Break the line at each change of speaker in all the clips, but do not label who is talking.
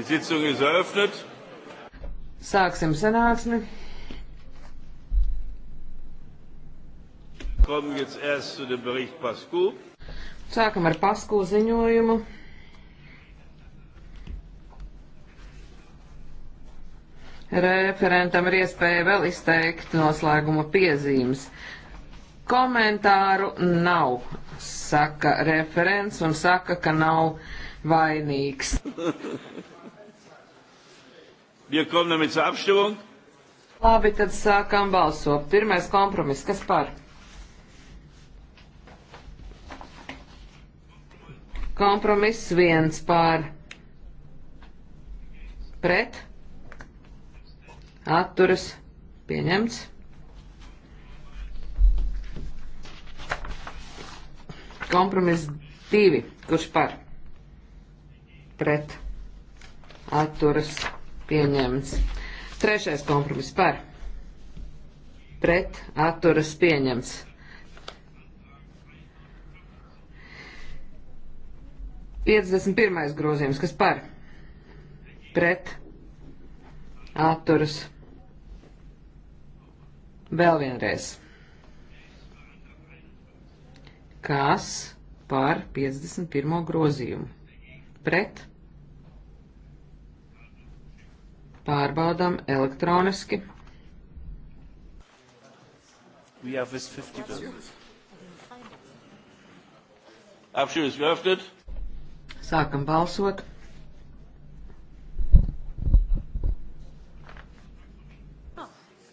Die Sitzung ist eröffnet. Sāksim sanāksmi. Kommen jetzt erst zu dem Bericht Pascu. Sākam ar Pascu ziņojumu. Referentam ir iespēja vēl izteikt noslēguma piezīmes. Komentāru nav, saka referents un saka, ka nav vainīgs. Wir kommen damit zur Abstimmung. Labi, tad sākam balsot. Pirmais kompromiss, kas par? Kompromiss viens par pret, atturas, pieņemts. Kompromiss divi, kurš par pret, atturas, pieņemts pieņemts. Trešais kompromiss par pret atturas pieņemts. Piecdesmit pirmais grozījums, kas par pret atturas vēl vienreiz. Kas par 51. grozījumu? Pret Pārbaudām elektroniski. We have this 50 bills. Abstimmung ist geöffnet. Sākam balsot.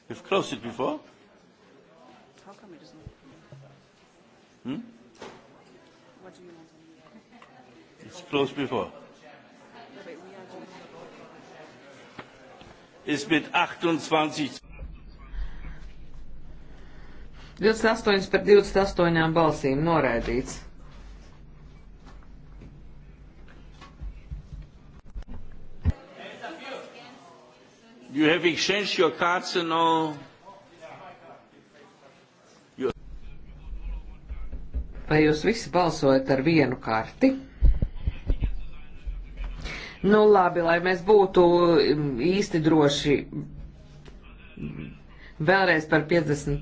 We've closed it before. How come it isn't?
Hmm? What do you want? It's closed before. ist mit 28. 28 par 28 balsīm noraidīts. You have exchanged your cards and all. Vai jūs visi balsojat ar vienu karti? Nu labi, lai mēs būtu mm, īsti droši. Vēlreiz par 51.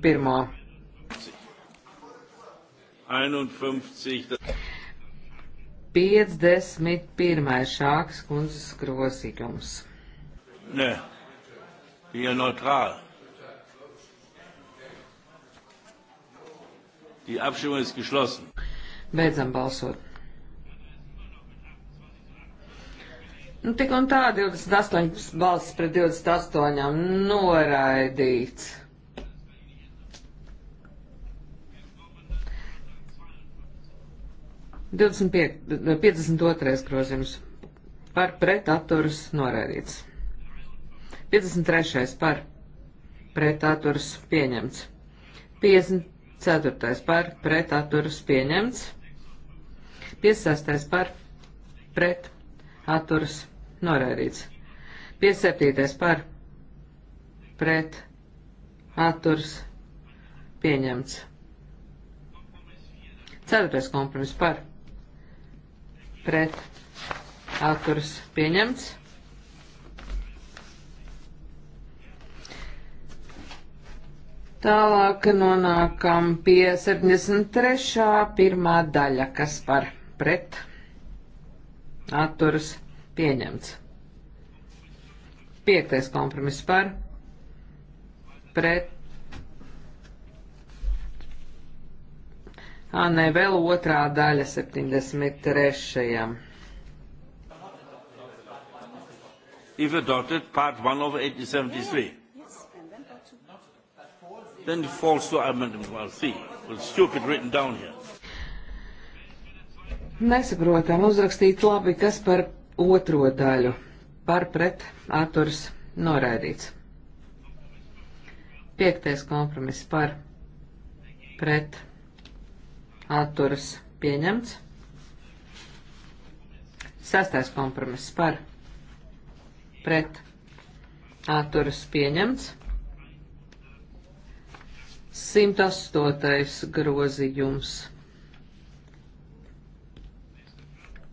51. 51. šāks kundzes grozījums. Nē, bija neutrāli. Die Abstimmung ist geschlossen. Beidzam balsot. Nu, tik un tā 28 balsis pret 28 noraidīts. Divdesmit piecdesmit otrais grozījums par pret atturas noraidīts. 53. par pret atturas pieņemts. 54. par pret atturas pieņemts. 56. par pret atturas pieņemts noraidīts. 57. par pret atturs pieņemts. 4. kompromiss par pret atturs pieņemts. Tālāk nonākam pie 73. pirmā daļa, kas par pret atturas pieņemts pieņemts. Piektais kompromiss par, pret, ā, ne, vēl otrā daļa 73. If adopted, part 1 of 1873. Then it falls to amendment 1C. Well, stupid written down here. Nesaprotam, uzrakstīts labi, kas par otro daļu par pret atturs noraidīts. Piektais kompromiss par pret atturs pieņemts. Sastais kompromiss par pret atturs pieņemts. 108. grozījums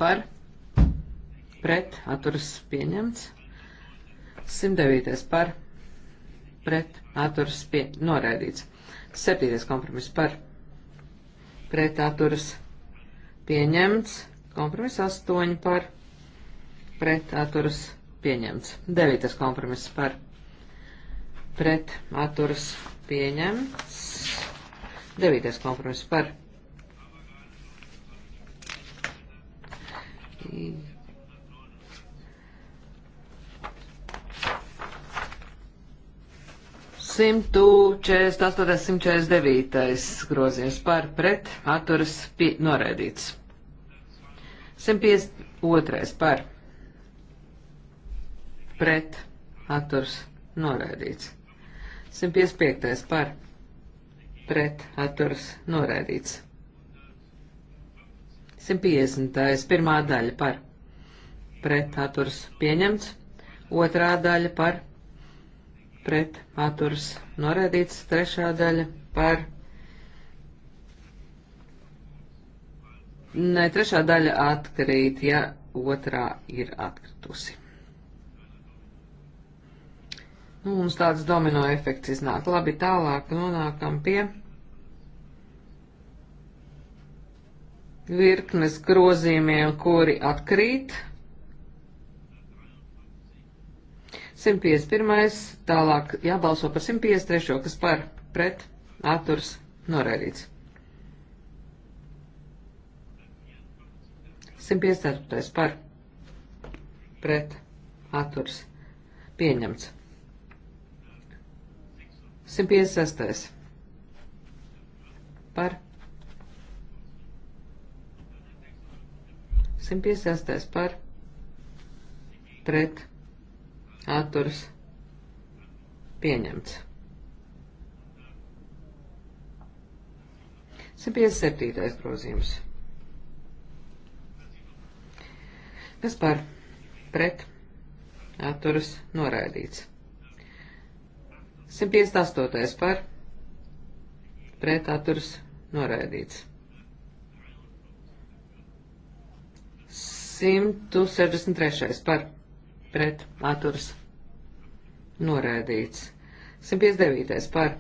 par pret atturas pieņemts, 109. par pret atturas pie, noraidīts, 7. kompromiss par pret atturas pieņemts, kompromiss 8 par pret atturas pieņemts, 9. kompromiss par pret atturas pieņemts, 9. kompromiss par 148, 149 grozījums par pret atturas pie, noraidīts. 152 par pret atturas noraidīts. 155 par pret atturas noraidīts. 150. pirmā daļa par pret atturas pieņemts, otrā daļa par pret pret atturas norēdīts, trešā daļa par. Nē, trešā daļa atkrīt, ja otrā ir atkritusi. Nu, mums tāds domino efekts iznāk. Labi, tālāk nonākam pie virknes grozījumiem, kuri atkrīt. 151. Tālāk jābalso par 153. kas par pret atturs noraidīts. 154. par pret atturs pieņemts. 156. par 156. par pret atturs atturas pieņemts. 157. grozījums. Kas par pret atturas noraidīts. 158. par pret atturas noraidīts. 163. par pret pret atturas noraidīts. 159. par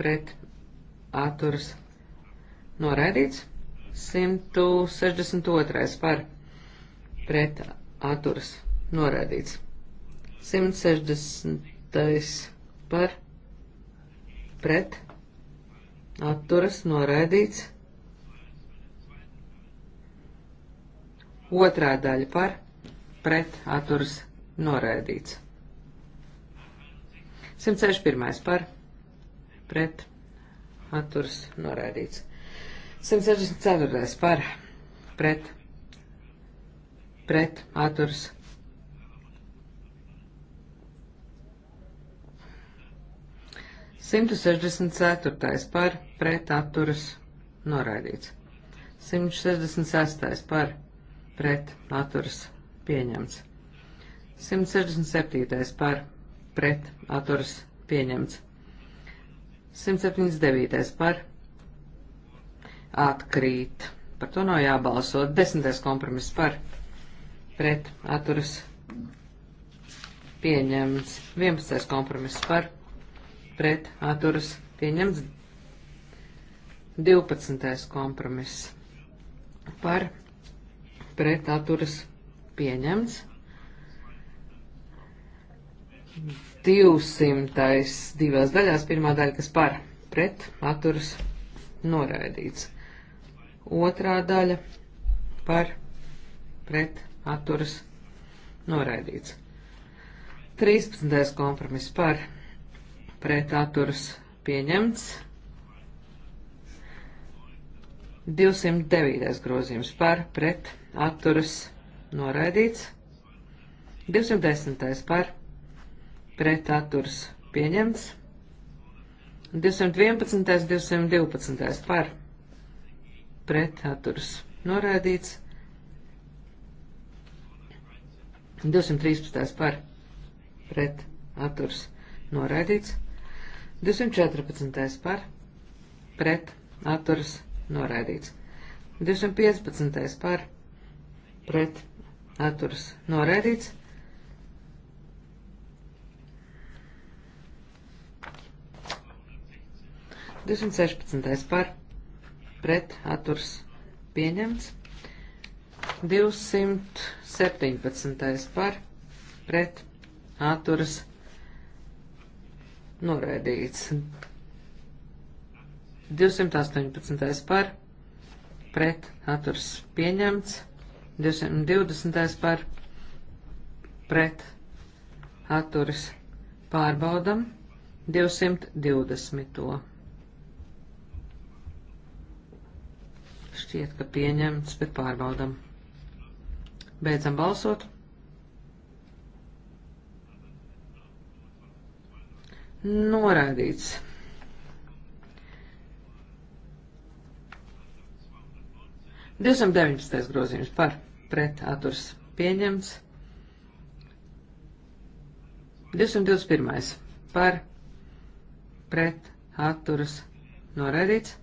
pret atturas noraidīts. 162. par pret atturas noraidīts. 160. par pret atturas noraidīts. Otrā daļa par pret pret atturas noraidīts. 161. par pret atturas noraidīts. 164. par pret pret atturas Simtu sešdesmit ceturtais par pret atturas noraidīts. 166. par pret atturas pieņemts. 167. par pret atturas pieņemts. 179. par atkrīt. Par to nav jābalso. Desmitais kompromiss par pret atturas pieņemts. 11. kompromiss par pret atturas pieņemts. 12. kompromiss par pret atturas pieņemts pieņemts. 200. divās daļās, pirmā daļa, kas par pret atturas noraidīts. Otrā daļa par pret atturas noraidīts. 13. kompromiss par pret atturas pieņemts. 209. grozījums par pret atturas noraidīts noraidīts. 210. par pret atturs pieņemts. 211. 212. par pret atturs noraidīts. 213. par pret atturs noraidīts. 214. par pret atturs noraidīts. 215. par pret atturas noraidīts. Divsimt sešpadsmitais par pret atturas pieņemts. 217. par pret atturas noraidīts. 218. par pret atturas pieņemts. 220. par pret atturas pārbaudam 220. Šķiet, ka pieņemts, bet pārbaudam. Beidzam balsot. Noraidīts. 219. grozījums par pret atturs pieņemts. 221. par pret atturs noraidīts.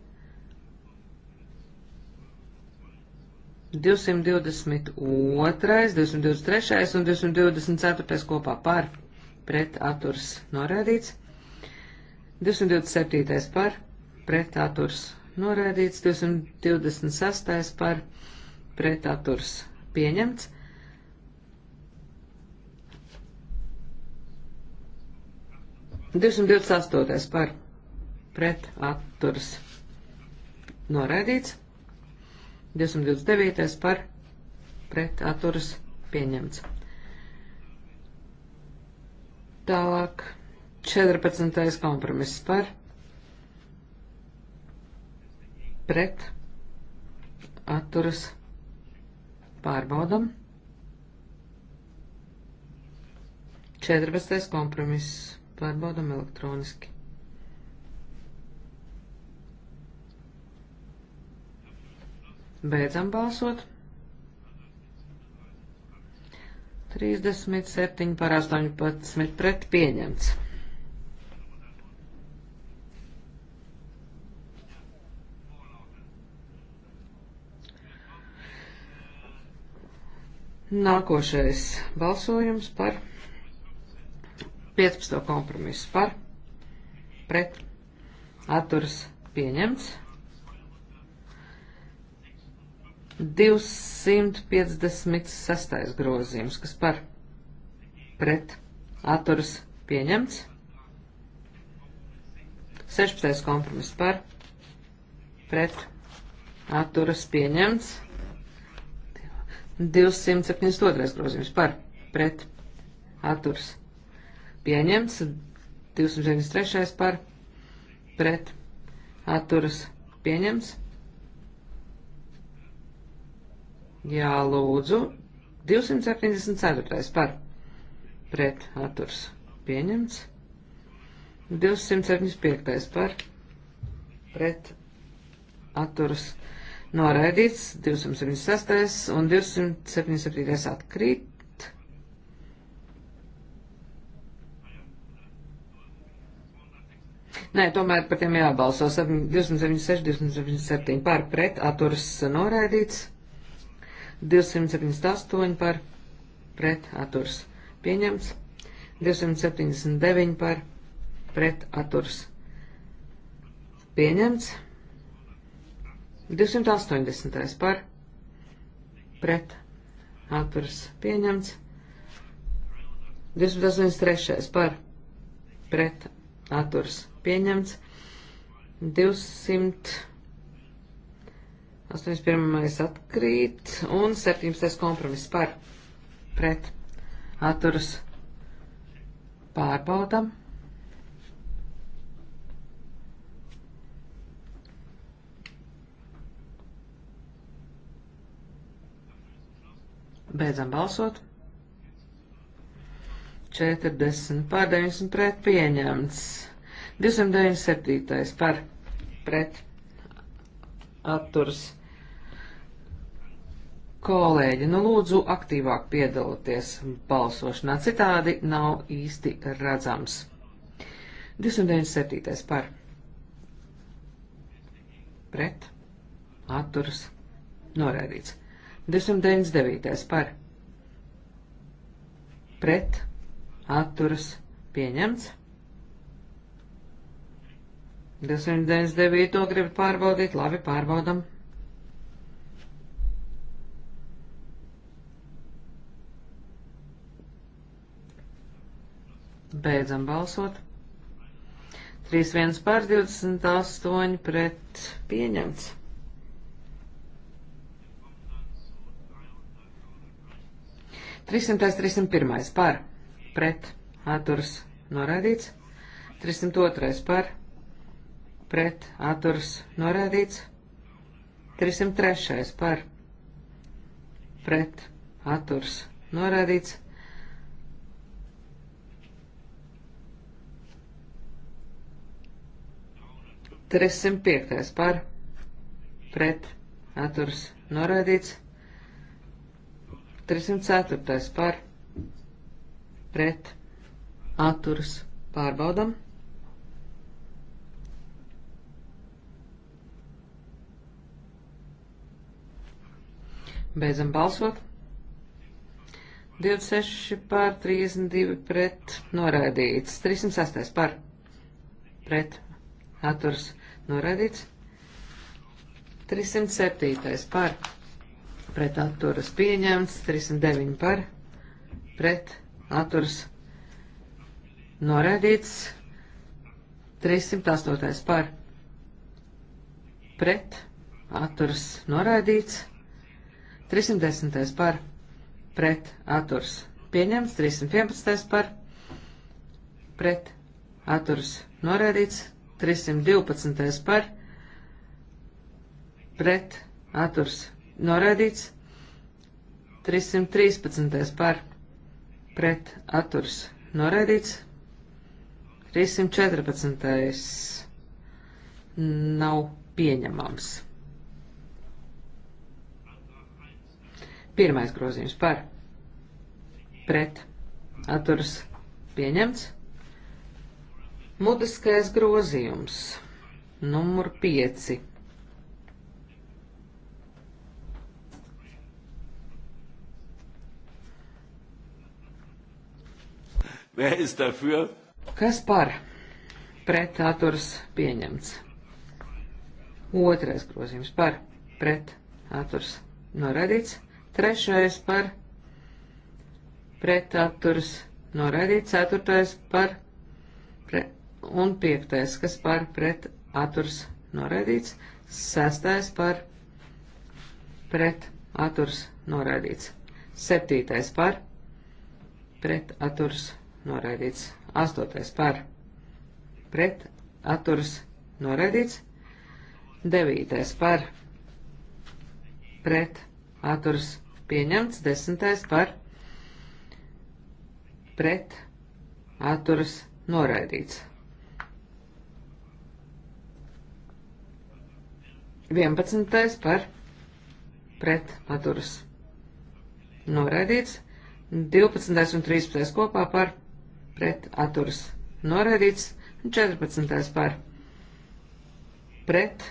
222, 223 un 224 kopā par pret atturs norēdīts, 227 par pret atturs norēdīts, 226 par pret atturs pieņemts. Divsimt divdesmit astotais par pret atturas noraidīts. 229. par pret atturas pieņemts. Tālāk 14. kompromiss par pret atturas Pārbaudam. 14. kompromiss. Pārbaudam elektroniski. Beidzam balsot. 37 par 18 pret pieņemts. Nākošais balsojums par 15. kompromisu par pret atturas pieņemts. 256. grozījums, kas par pret atturas pieņemts. 16. kompromiss par pret atturas pieņemts. 272. grozījums par pret atturs pieņemts, 293. par pret atturs pieņemts. Jā, lūdzu, 274. par pret atturs pieņemts, 275. par pret atturs pieņemts noraidīts, 276 un 277 atkrīt. Nē, tomēr par tiem jābalso 276, 277 par pret, atturas noraidīts, 278 par pret, atturas pieņemts, 279 par pret, atturas pieņemts. 280. par pret atturas pieņemts. 283. par pret atturas pieņemts. 281. atkrīt un 17. kompromiss par pret atturas pārbaudam. Beidzam balsot. 40 pār 90 pret pieņemts. 297 par pret atturs. Kolēģi, nu lūdzu aktīvāk piedalieties balsošanā, citādi nav īsti redzams. 297. par pret atturs noraidīts. 299. par pret atturas pieņemts. 299. gribat pārbaudīt, labi pārbaudam. Beidzam balsot. 3-1 pār 28 pret pieņemts. 300. 301. par pret atturas norādīts. 302. par pret atturas norādīts. 303. par pret atturas norādīts. 305. par pret atturas norādīts. 304. par pret atturas pārbaudam. Beidzam balsot. 26 pār 32 pret noraidīts. 306 par pret atturs noraidīts. 307 par pret pret atturas pieņemts, 309 par, pret atturas noraidīts, 308 par, pret atturas noraidīts, 310 par, pret atturas pieņemts, 311 par, pret atturas noraidīts, 312 par, pret atturas noraidīts, 313. par pret atturs noraidīts, 314. nav pieņemams. Pirmais grozījums par pret atturs pieņemts. Mutiskais grozījums numur 5 Wer ist dafür? Kas par? Pret atturs pieņemts. Otrais grozījums par pret atturs noraidīts. Trešais par pret atturs noraidīts. Ceturtais par pret un piektais, kas par pret atturs noraidīts. Sestais par pret atturs noraidīts. Septītais par pret atturs noraidīts noraidīts. 8. par pret atturas noraidīts. 9. par pret atturas pieņemts. 10. par pret atturas noraidīts. 11. par pret atturas noraidīts. 12. un 13. kopā par pret pret atturas noraidīts, 14. par pret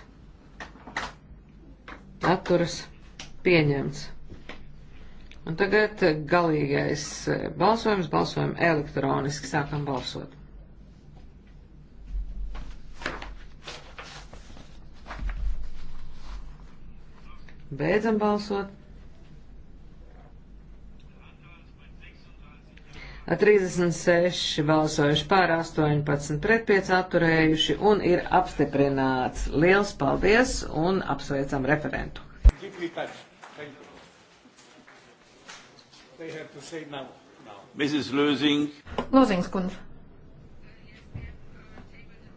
atturas pieņemts. Un tagad galīgais balsojums, balsojam elektroniski, sākam balsot. Beidzam balsot. 36 balsojuši pār 18 pret 5 atturējuši un ir apstiprināts. Liels paldies un apsveicam referentu. Lūzings kundze.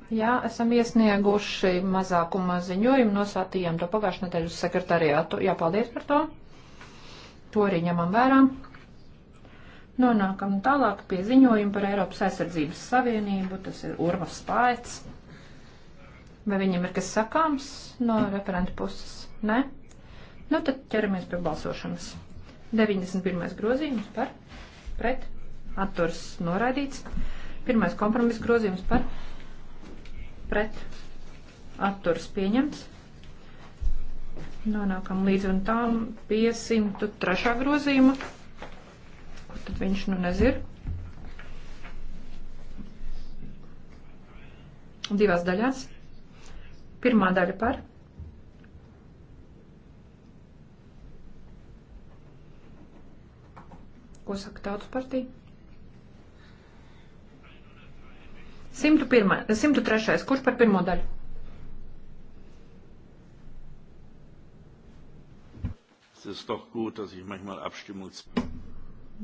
Jā, esam iesnieguši mazākuma ziņojumu, nosātījām to pagājušajā nedēļas sekretariātu. Jā, paldies par to. To arī ņemam vērā. Nonākam tālāk pie ziņojuma par Eiropas aizsardzības savienību, tas ir Urmas Paets. Vai viņam ir kas sakāms no referenta puses? Nē? Nu tad ķeramies pie balsošanas. 91. grozījums par pret atturs noraidīts. Pirmais kompromiss grozījums par pret atturs pieņemts. Nonākam līdz un tām pie 103. grozījuma tad viņš nu nezir. Divās daļās. Pirmā daļa par. Ko saka tautas partija? 101, 103. Kurš par pirmo daļu?
Es ist doch gut, dass ich manchmal Abstimmung.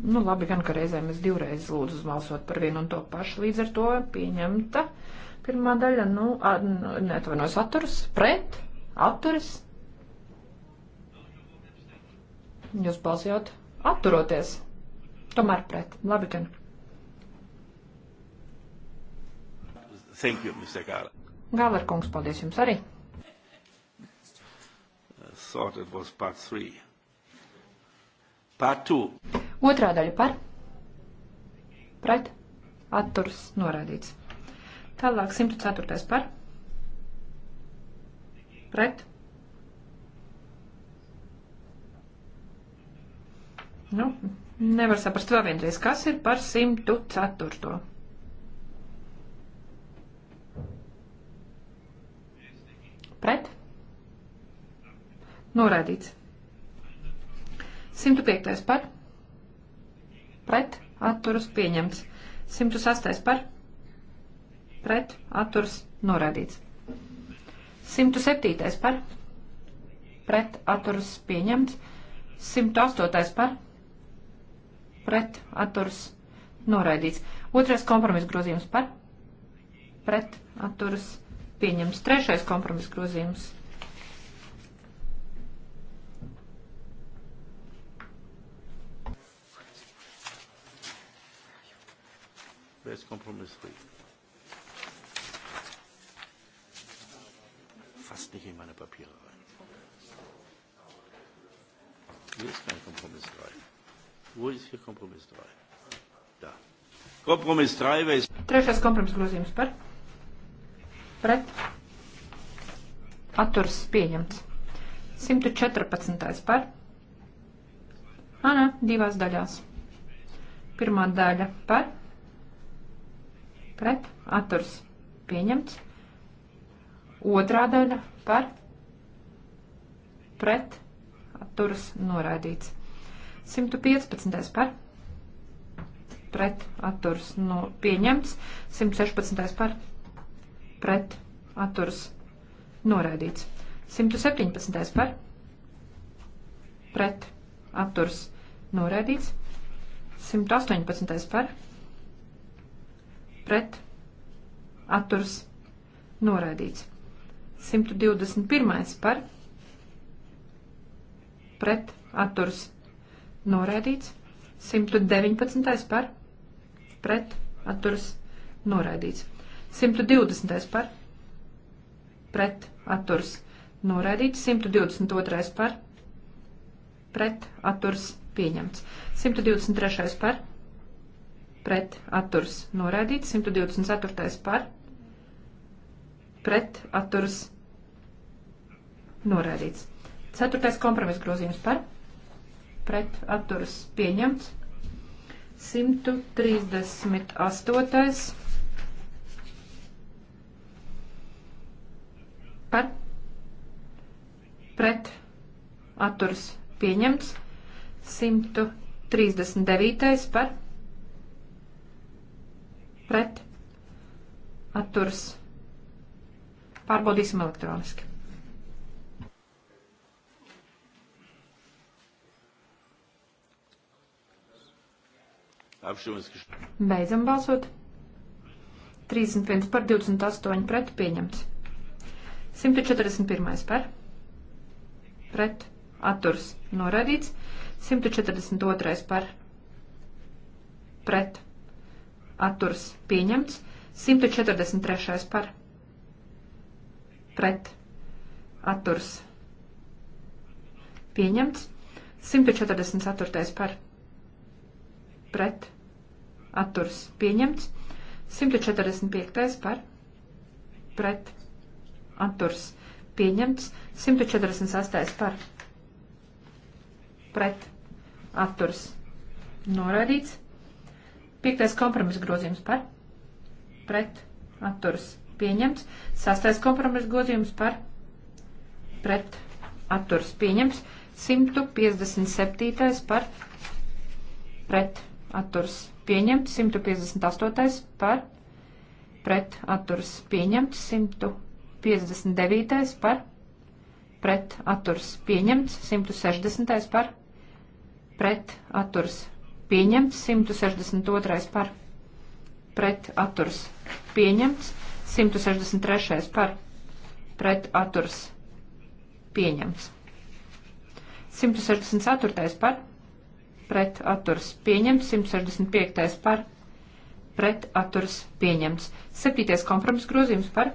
Nu, labi, gan ka reizēm es divreiz lūdzu uzmalsot par vienu un to pašu. Līdz ar to pieņemta pirmā daļa, nu, neatvainojas atturas, pret, atturas. Jūs balsījāt atturoties, tomēr pret. Labi, gan.
Thank you, Mr. Gala.
Gala kungs, paldies jums arī. I
uh, thought it was part three. Part two.
Otrā daļa par, pret, atturs noraidīts. Tālāk 104. par, pret. Nu, nevar saprast vēl vienreiz, kas ir par 104. Pret. Noraidīts. 105. par pret atturas pieņemts. 106. par pret atturas norādīts. 107. par pret atturas pieņemts. 108. par pret atturas noraidīts. Otrais kompromiss grozījums par pret atturas pieņemts. Trešais kompromiss grozījums
Wer ist kompromissfähig? Fast nicht in meine Papiere rein. Hier ist kein Kompromiss 3. Wo ist hier Kompromiss 3? Da. Kompromiss 3, wer
ist. Trešais kompromisgrozījums par. Pret. Atturs pieņemts. 114. par. Anā, divās daļās. Pirmā daļa par pret, atturs pieņemts. Otrā daļa par, pret, atturs noraidīts. 115. par, pret, atturs no, pieņemts. 116. par, pret, atturs noraidīts. 117. par, pret, atturs noraidīts. 118. par, pret, pret atturs noraidīts. 121. par pret atturs noraidīts. 119. par pret atturs noraidīts. 120. par pret atturs noraidīts. 122. par pret atturs pieņemts. 123. par pret pret atturs noraidīts, 124. par pret atturs noraidīts. 4. kompromiss grozījums par pret atturs pieņemts, 138. par pret atturs pieņemts, 139. par pret pret, atturs. Pārbaudīsim elektroniski. Beidzam balsot. 31 par 28 pret pieņemts. 141 par pret atturs noraidīts. 142 par pret atturs pieņemts. 143. par pret atturs pieņemts. 144. par pret atturs pieņemts. 145. par pret atturs pieņemts. 148. par pret atturs noraidīts. Piektais kompromiss grozījums par pret atturas pieņemts. Sastais kompromiss grozījums par pret atturas pieņemts. 157. par pret atturas pieņemts. 158. par pret atturas pieņemts. 159. par pret atturas pieņemts. 160. par pret atturas pieņemts pieņemts, 162. par pret atturs pieņemts, 163. par pret atturs pieņemts. 164. par pret atturs pieņemts, 165. par pret atturs pieņemts. 7. kompromiss grozījums par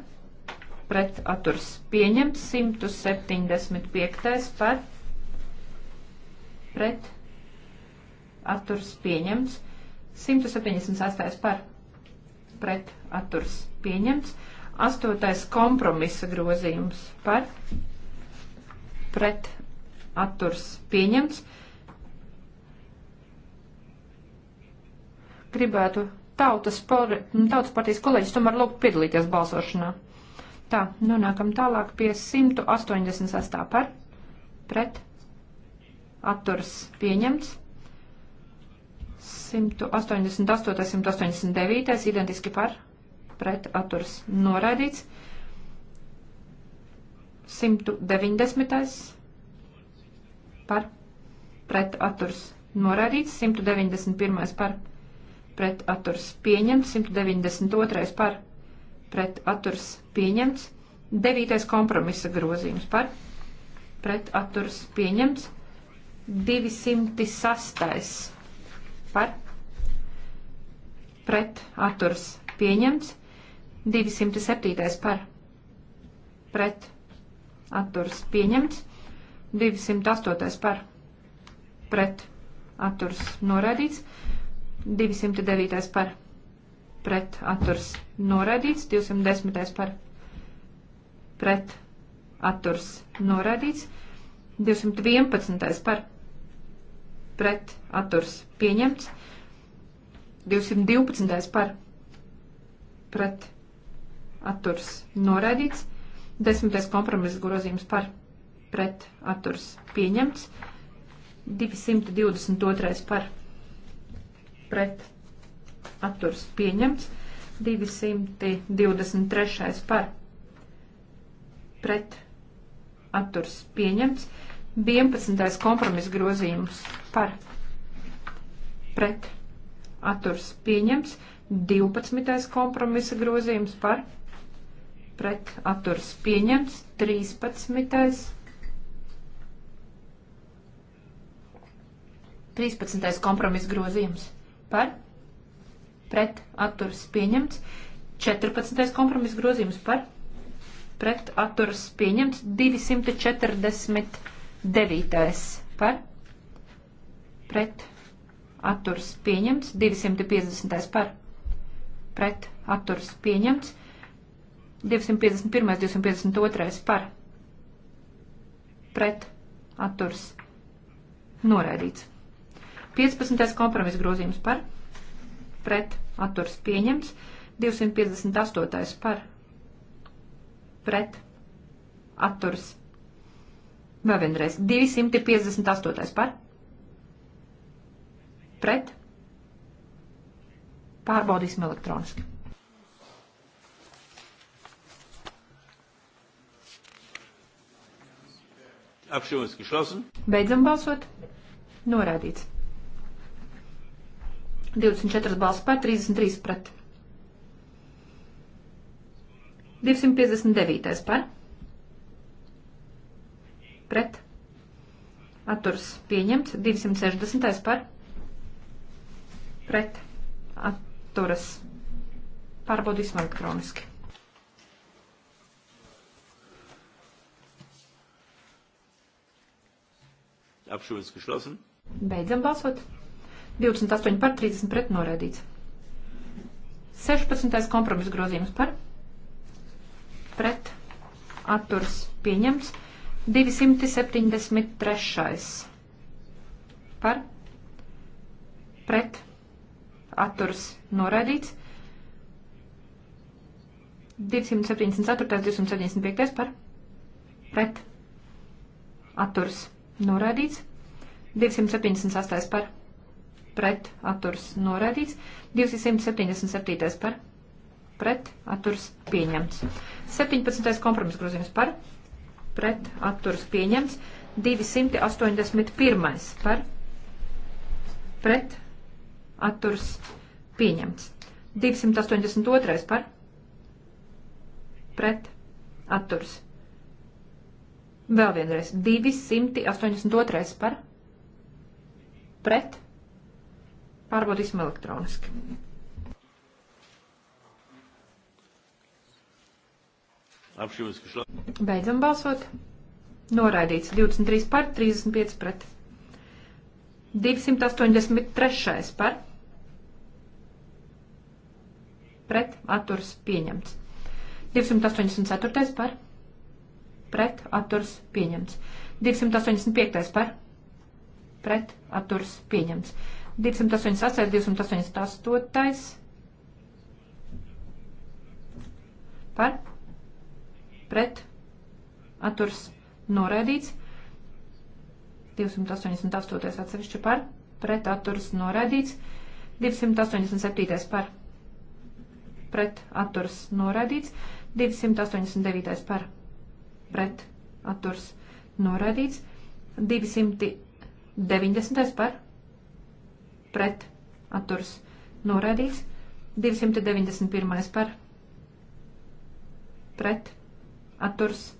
pret atturs pieņemts, 175. par pret atturs pieņemts atturs pieņemts. 178 par pret atturs pieņemts. 8. kompromisa grozījums par pret atturs pieņemts. Gribētu tautas, par, tautas partijas kolēģis tomēr lūgt piedalīties balsošanā. Tā, nonākam tālāk pie 186 par pret atturs pieņemts. 188, 189, identiski par, pret atturas noraidīts. 190. par, pret atturas noraidīts. 191. par, pret atturas pieņemts. 192. par, pret atturas pieņemts. 9. kompromisa grozījums par, pret atturas pieņemts. 206 par pret atturs pieņemts, 207. par pret atturs pieņemts, 208. par pret atturs noraidīts, 209. par pret atturs noraidīts, 210. par pret atturs noraidīts, 211. par pret pret atturs pieņemts. 212. par pret atturs noraidīts. 10. kompromiss grozījums par pret atturs pieņemts. 222. par pret atturs pieņemts. 223. par pret atturs pieņemts. 11. kompromiss grozījums par pret atturs pieņems, 12. kompromisa grozījums par pret atturs pieņems, 13. 13. kompromisa grozījums par pret atturs pieņemts, 14. kompromisa grozījums par pret atturs pieņemts, 240. Devītais par pret atturs pieņemts. 250. par pret atturs pieņemts. 251. 252. par pret atturs noraidīts. 15. kompromisa grozījums par pret atturs pieņemts. 258. par pret atturs Vēl vienreiz. 258. par. Pret. Pārbaudīsim elektroniski.
Apšķirums geschlossen.
Beidzam balsot. Norādīts. 24 balss par, 33 pret. 259 par. atturs pieņemts, 260. par pret atturas pārbaudīsim
elektroniski. Apšūvis geschlossen.
Beidzam balsot. 28 par 30 pret norēdīts. 16. kompromis grozījums par pret atturas pieņemts. 273. par pret atturas noraidīts. 274. 275. par pret atturas noraidīts. 278. par pret atturas noraidīts. 277. par pret atturas pieņemts. 17. kompromis grozījums par pret pret atturas pieņemts. 281. par pret atturas pieņemts. 282. par pret atturas. Vēl vienreiz. 282. par pret. Pārbaudīsim elektroniski.
Apšķirības Beidzam
balsot. Noraidīts 23 par, 35 pret. 283 par. Pret atturs pieņemts. 284 par. Pret atturs pieņemts. 285 par. Pret atturs pieņemts. 288, 288 par. Pret atturs noraidīts. 288. atsevišķi par, pret atturs noraidīts. 287. par, pret atturs noraidīts. 289. par, pret atturs noraidīts. 290. par, pret atturs noraidīts. 291. par, pret atturs noraidīts.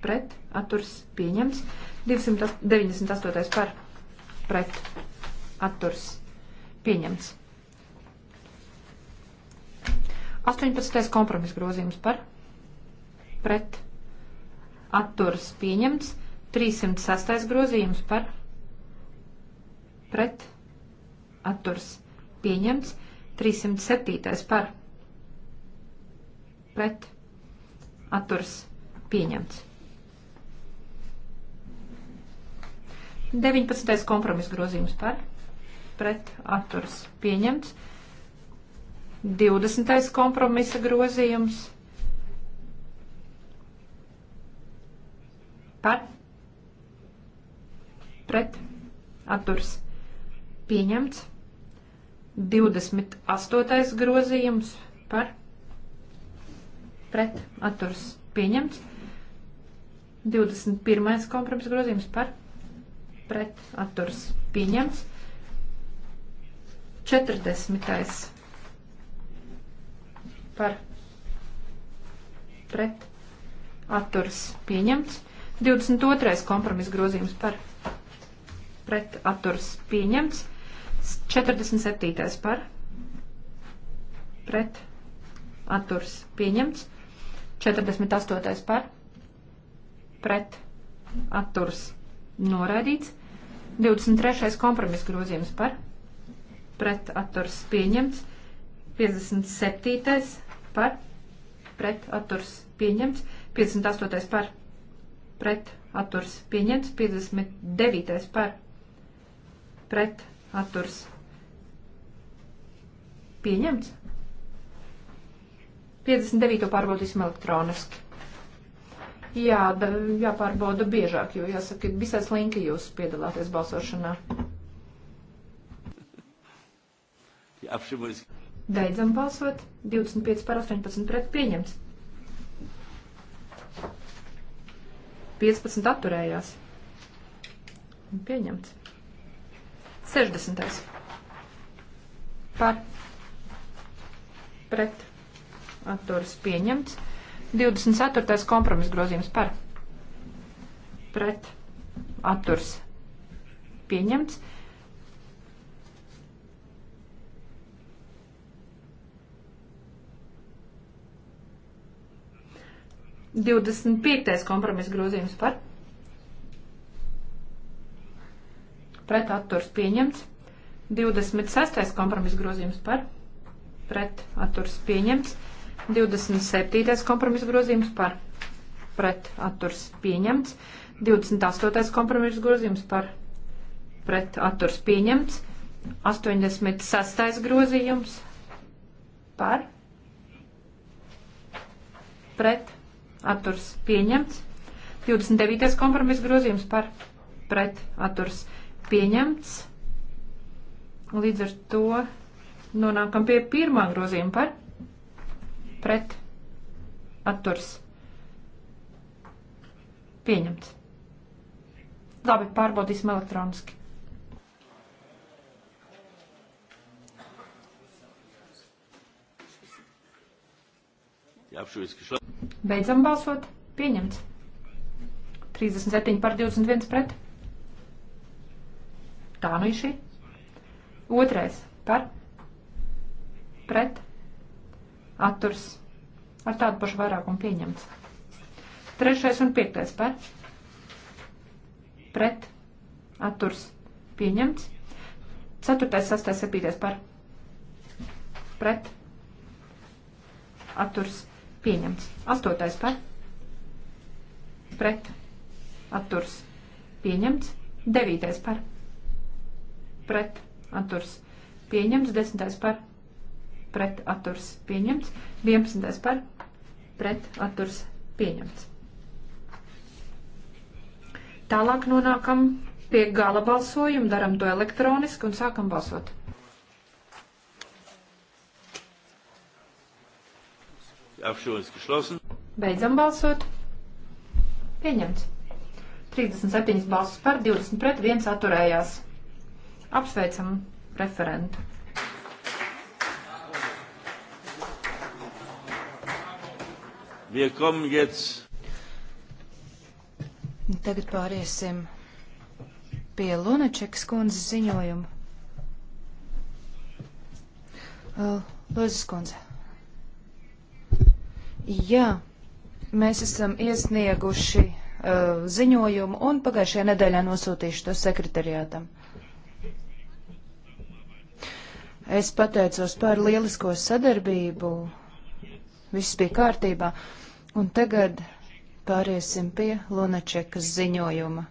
pret, atturs pieņemts. 298 par, pret, atturs pieņemts. 18. kompromis grozījums par, pret, atturs pieņemts. 306. grozījums par, pret, atturs pieņemts. 307. par, pret, atturs pieņemts pieņemts. 19. kompromis grozījums par pret atturs pieņemts. 20. kompromisa grozījums par pret atturs pieņemts. 28. grozījums par pret atturs pieņemts. 21. kompromisa grozījums par pret pret atturs pieņemts. 40. par pret atturs pieņemts. 22. kompromis grozījums par pret atturs pieņemts. 47. par pret atturs pieņemts. 48. par pret atturs noraidīts. 23. kompromiss grozījums par pret atturs pieņemts. 57. par pret atturs pieņemts. 58. par pret atturs pieņemts. 59. par pret atturs pieņemts. 59. pārbaudīsim elektroniski jā, jāpārbauda biežāk, jo jāsaka, visai slinki jūs piedalāties balsošanā. Beidzam balsot. 25 par 18 pret pieņemts. 15 atturējās. Pieņemts. 60. Par. Pret. Atturas pieņemts. 24. kompromis grozījums par pret atturs pieņemts. Divdesmit piektais kompromis grozījums par pret atturs pieņemts. 26. kompromis grozījums par pret atturs pieņemts. 27. kompromisa grozījums par pret atturs pieņemts. 28. kompromisa grozījums par pret atturs pieņemts. 86. grozījums par pret atturs pieņemts. 29. kompromisa grozījums par pret atturs pieņemts. Līdz ar to nonākam pie pirmā grozījuma par pret pret atturs pieņemts. Labi, pārbaudīsim elektroniski. Beidzam balsot. Pieņemts. 37 par 21 pret. Tā nu ir šī. Otrais par pret atturs ar tādu pašu vairākumu pieņemts. Trešais un piektais par pret atturs pieņemts. Ceturtais, sastais, septītais par pret atturs pieņemts. Astotais par pret atturs pieņemts. Devītais par pret atturs pieņemts. Desmitais par pret pret atturs pieņemts, 11. par pret atturs pieņemts. Tālāk nonākam pie gala balsojuma, daram to elektroniski un sākam balsot. Beidzam balsot. Pieņemts. 37 balsis par, 20 pret, 1 atturējās. Apsveicam referentu.
Wir kommen jetzt.
Tagad pāriesim pie Lunačekas kundzes ziņojuma. Lozes kundze. Jā, mēs esam iesnieguši uh, ziņojumu un pagājušajā nedēļā nosūtīšu to sekretariātam. Es pateicos par lielisko sadarbību viss bija kārtībā. Un tagad pāriesim pie Lunačekas ziņojuma.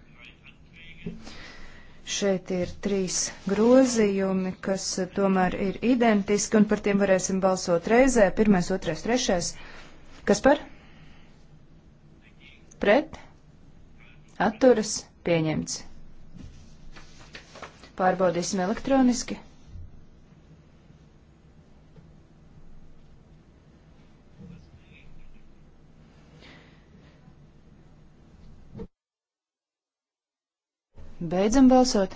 Šeit ir trīs grozījumi, kas tomēr ir identiski, un par tiem varēsim balsot reizē. Pirmais, otrais, trešais. Kas par? Pret? Atturas? Pieņemts. Pārbaudīsim elektroniski. Beidzam balsot.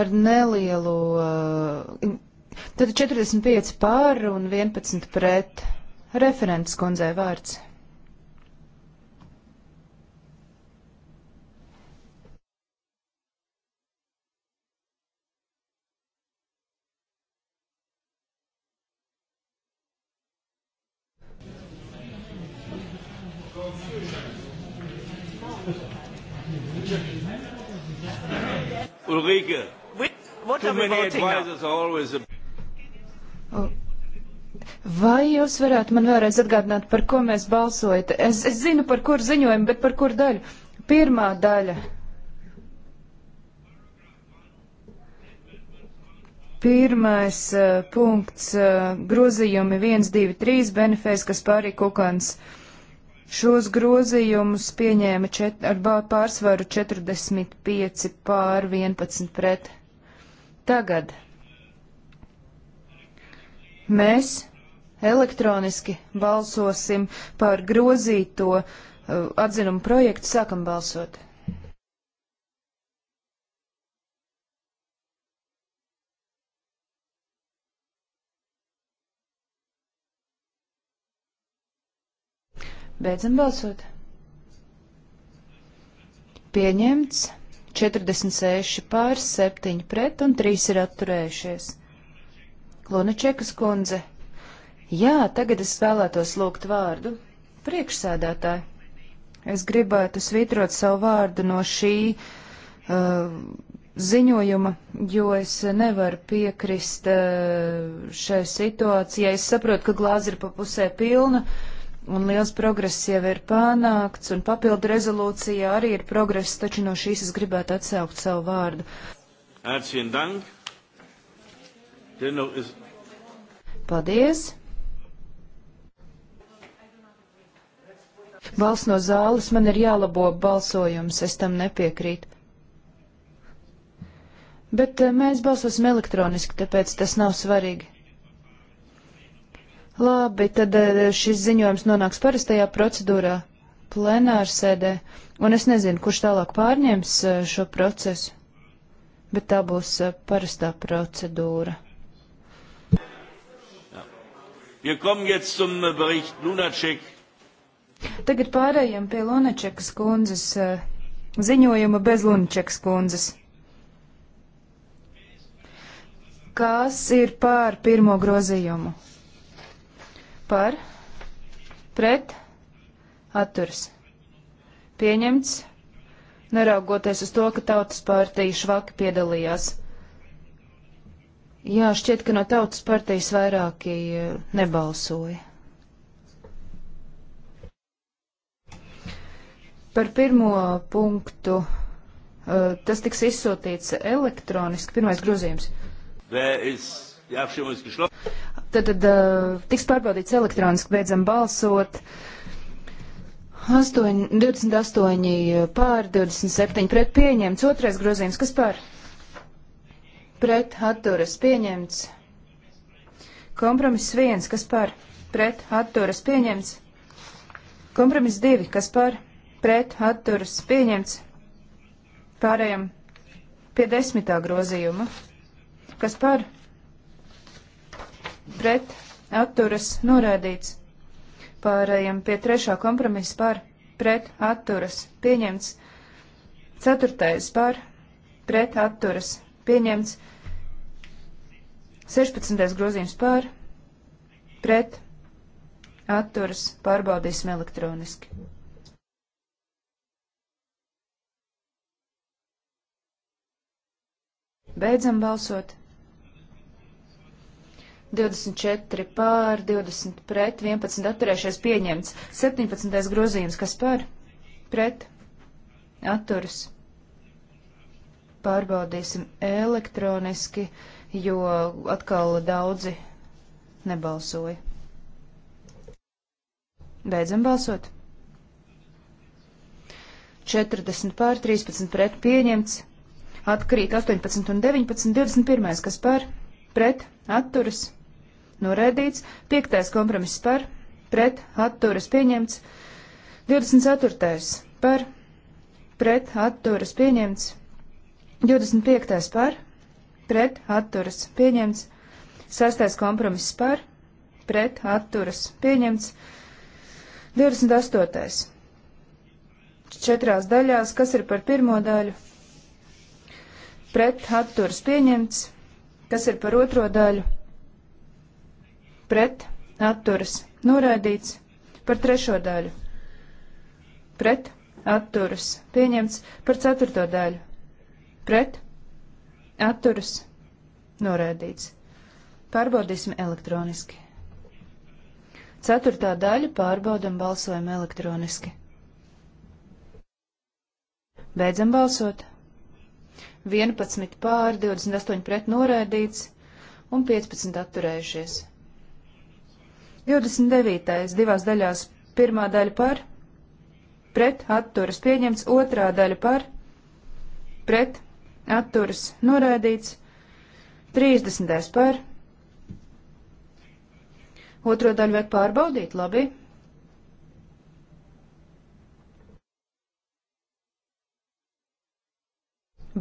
Ar nelielu. Uh, tad 45 pār un 11 pret. Referents kundzei vārds. many advisors are always a... Vai jūs varētu man vēlreiz atgādināt, par ko mēs balsojat? Es, es zinu, par kur ziņojumu, bet par kur daļu? Pirmā daļa. Pirmais uh, punkts uh, - grozījumi 1, 2, 3, Benefēs, kas pārī kukans. Šos grozījumus pieņēma čet, ar pārsvaru 45 pār 11 pret. Tagad mēs elektroniski balsosim par grozīto uh, atzinumu projektu. Sākam balsot. Beidzam balsot. Pieņemts. 46 pār 7 pret un 3 ir atturējušies. Lunačekas kundze. Jā, tagad es vēlētos lūgt vārdu. Priekšsēdētāji. Es gribētu svītrot savu vārdu no šī uh, ziņojuma, jo es nevaru piekrist uh, šai situācijai. Es saprotu, ka glāze ir pa pusē pilna. Uh, un liels progress jau ir panākts, un papildu rezolūcijā arī ir progress, taču no šīs es gribētu atsaukt savu vārdu. Paldies! Balsts no zāles man ir jālabo balsojums, es tam nepiekrītu. Bet eh, mēs balsosim elektroniski, tāpēc tas nav svarīgi. Labi, tad eh, šis ziņojums nonāks parastajā procedūrā, plenārsēdē, un es nezinu, kurš tālāk pārņems eh, šo procesu, bet tā būs eh, parastā procedūra. Äh, Tagad pārējiem pie Lunačekas kundzes ziņojuma bez Lunačekas kundzes. Kas ir pār pirmo grozījumu? par pret atturs pieņemts, neraugoties uz to, ka tautas partija švaki piedalījās. Jā, šķiet, ka no tautas partijas vairāki eh, nebalsoja. Par pirmo punktu eh, tas tiks izsūtīts elektroniski, pirmais grozījums.
There is Tad,
tad uh, tiks pārbaudīts elektroniski, beidzam balsot. 8, 28 pār, 27 pret pieņemts. Otrais grozījums, kas par? Pret atturas pieņemts. Kompromiss 1, kas par? Pret atturas pieņemts. Kompromiss 2, kas par? Pret atturas pieņemts. Pārējām pie desmitā grozījuma. Kas par? pret atturas norādīts. Pārējiem pie trešā kompromisa par pret atturas pieņemts. Ceturtais par pret atturas pieņemts. 16. grozījums par pret atturas pārbaudīsim elektroniski. Beidzam balsot. 24 pār, 20 pret, 11 atturējušies pieņemts. 17. grozījums, kas par? Pret. Atturas. Pārbaudīsim elektroniski, jo atkal daudzi nebalsoja. Beidzam balsot. 40 pār 13 pret pieņemts. Atkrīt 18 un 19, 21, kas par pret atturas noraidīts, 5. kompromiss par, pret, atturas pieņemts, 24. par, pret, atturas pieņemts, 25. par, pret, atturas pieņemts, 6. kompromiss par, pret, atturas pieņemts, 28. četrās daļās, kas ir par pirmo daļu, pret, atturas pieņemts, kas ir par otro daļu, pret, atturas, noraidīts. Par trešo daļu, pret, atturas, pieņemts. Par ceturto daļu, pret, atturas, noraidīts. Pārbaudīsim elektroniski. Ceturtā daļa pārbaudam balsojumu elektroniski. Beidzam balsot. 11 pār, 28 pret noraidīts un 15 atturējušies. 29. divās daļās pirmā daļa par, pret atturas pieņemts, otrā daļa par, pret atturas noraidīts, 30. par. Otro daļu vajag pārbaudīt, labi.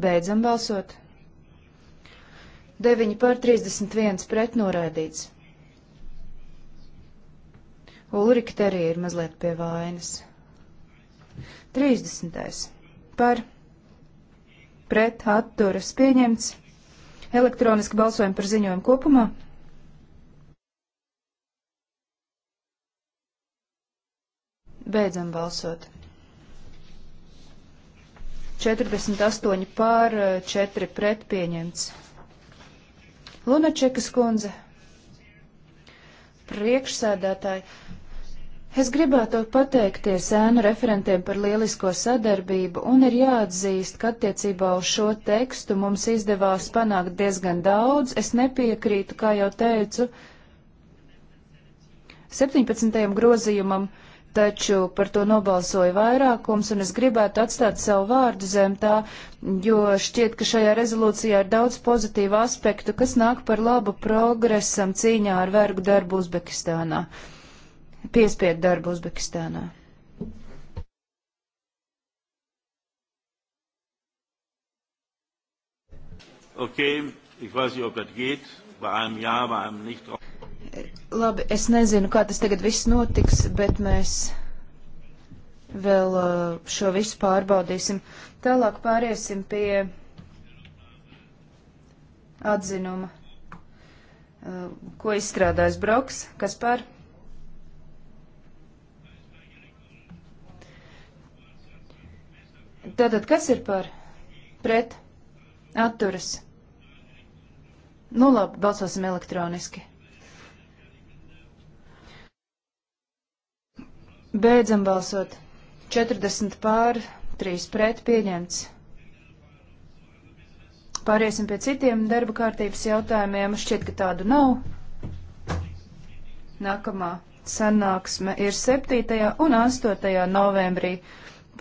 Beidzam balsot. 9 pār 31 pret noraidīts. Ulrika arī ir mazliet pie vainas. 30. par pret atturas pieņemts. Elektroniski balsojam par ziņojumu kopumā. Beidzam balsot. 48 pār 4 pret pieņemts. Lunačekas kundze priekšsēdētāji. Es gribētu pateikties ēnu referentiem par lielisko sadarbību, un ir jāatzīst, ka attiecībā uz šo tekstu mums izdevās panākt diezgan daudz. Es nepiekrītu, kā jau teicu, 17. grozījumam, uh, taču par to nobalsoja vairākums, un es gribētu atstāt savu vārdu zem tā, jo šķiet, ka šajā rezolūcijā ir daudz pozitīvu aspektu, kas nāk par labu progresam cīņā ar vergu darbu Uzbekistānā, piespiedu darbu Uzbekistānā.
Okay, ich weiß nicht, ob das geht. Bei einem Ja, bei einem nicht drauf.
Labi, es nezinu, kā tas tagad viss notiks, bet mēs vēl uh, šo visu pārbaudīsim. Tālāk pāriesim pie atzinuma, uh, ko izstrādājas Broks, kas par. Tātad, kas ir par pret atturas? Nu labi, balsosim elektroniski. Beidzam balsot. 40 pār, 3 pret pieņemts. Pāriesim pie citiem darba kārtības jautājumiem. Šķiet, ka tādu nav. Nākamā sanāksme ir 7. un 8. novembrī.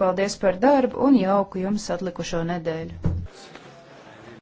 Paldies par darbu un jauku jums atlikušo nedēļu!